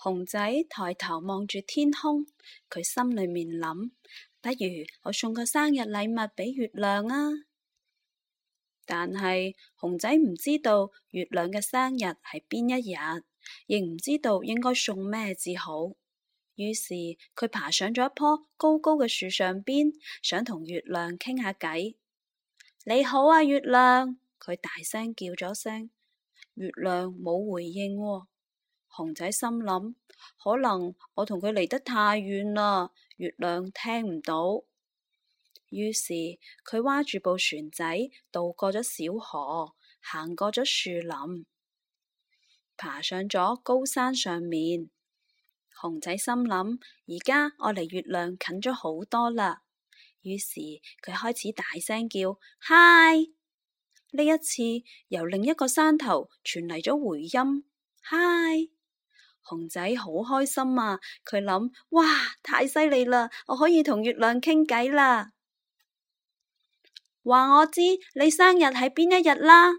熊仔抬頭望住天空，佢心裏面諗：不如我送個生日禮物俾月亮啊！但係熊仔唔知道月亮嘅生日係邊一日，亦唔知道應該送咩至好。於是佢爬上咗一棵高高嘅樹上邊，想同月亮傾下偈。你好啊，月亮！佢大聲叫咗聲，月亮冇回應喎。熊仔心諗，可能我同佢離得太遠啦，月亮聽唔到。於是佢划住部船仔，渡過咗小河，行過咗樹林，爬上咗高山上面。熊仔心諗，而家我離月亮近咗好多啦。於是佢開始大聲叫「嗨！」呢一次由另一個山頭傳嚟咗回音「嗨！」熊仔好開心啊！佢諗：哇，太犀利啦！我可以同月亮傾偈啦。話我知你生日喺邊一日啦？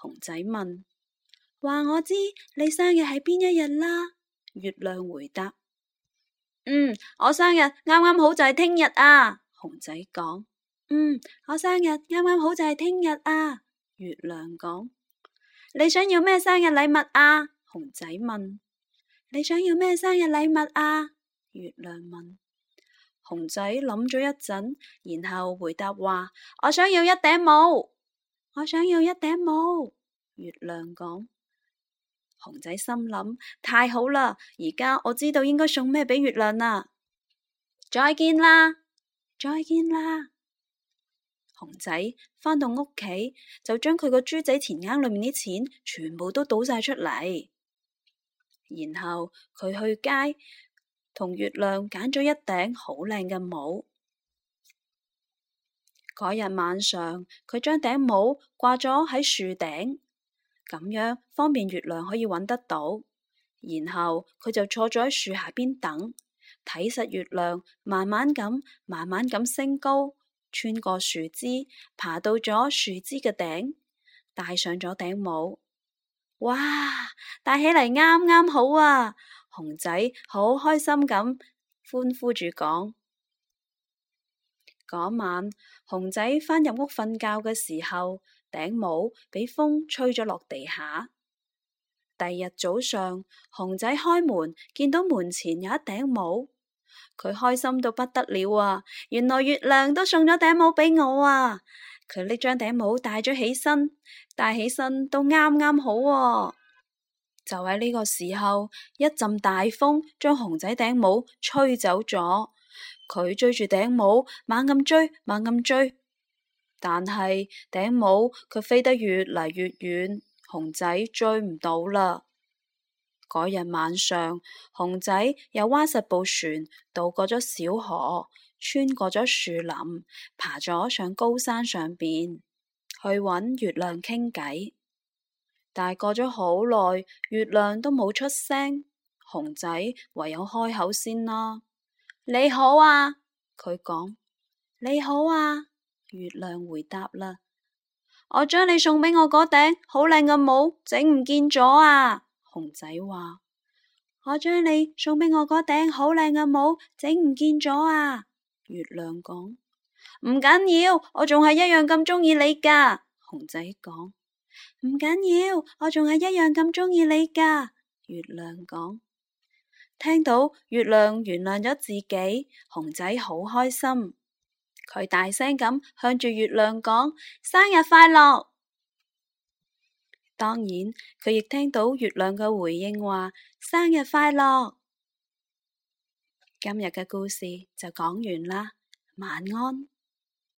熊仔問。話我知你生日喺邊一日啦？月亮回答：嗯，我生日啱啱好就係聽日啊。熊仔講：嗯，我生日啱啱好就係聽日啊。月亮講：你想要咩生日禮物啊？熊仔問。你想要咩生日禮物啊？月亮問。熊仔諗咗一陣，然後回答話：我想要一頂帽。我想要一頂帽。月亮講。熊仔心諗：太好啦！而家我知道應該送咩俾月亮啦。再見啦，再見啦。熊仔返到屋企，就將佢個豬仔錢罌裏面啲錢全部都倒晒出嚟。然後佢去街同月亮揀咗一頂好靚嘅帽。嗰日晚上，佢將頂帽掛咗喺樹頂，咁樣方便月亮可以揾得到。然後佢就坐咗喺樹下邊等，睇實月亮慢慢咁、慢慢咁升高，穿過樹枝，爬到咗樹枝嘅頂，戴上咗頂帽。哇！戴起嚟啱啱好啊！熊仔好開心咁歡呼住講。嗰晚熊仔返入屋瞓覺嘅時候，頂帽俾風吹咗落地下。第二日早上，熊仔開門見到門前有一頂帽，佢開心到不得了啊！原來月亮都送咗頂帽俾我啊！佢搦張頂帽戴咗起身，戴起身都啱啱好哦。就喺呢個時候，一陣大風將熊仔頂帽吹走咗。佢追住頂帽，猛咁追，猛咁追，但係頂帽佢飛得越嚟越遠，熊仔追唔到啦。嗰日晚上，熊仔又划實部船渡過咗小河，穿過咗樹林，爬咗上高山上邊去揾月亮傾偈。但係過咗好耐，月亮都冇出聲，熊仔唯有開口先咯。你好啊，佢講說你好啊，月亮回答啦。我將你送俾我嗰頂好靚嘅帽整唔見咗啊！熊仔話：我將你送俾我嗰頂好靚嘅帽整唔見咗啊！月亮講：唔緊要，我仲係一樣咁鍾意你噶。熊仔講：唔緊要，我仲係一樣咁鍾意你噶。月亮講：聽到月亮原諒咗自己，熊仔好開心。佢大聲咁向住月亮講：生日快樂！當然，佢亦聽到月亮嘅回應話：生日快樂！今日嘅故事就講完啦，晚安。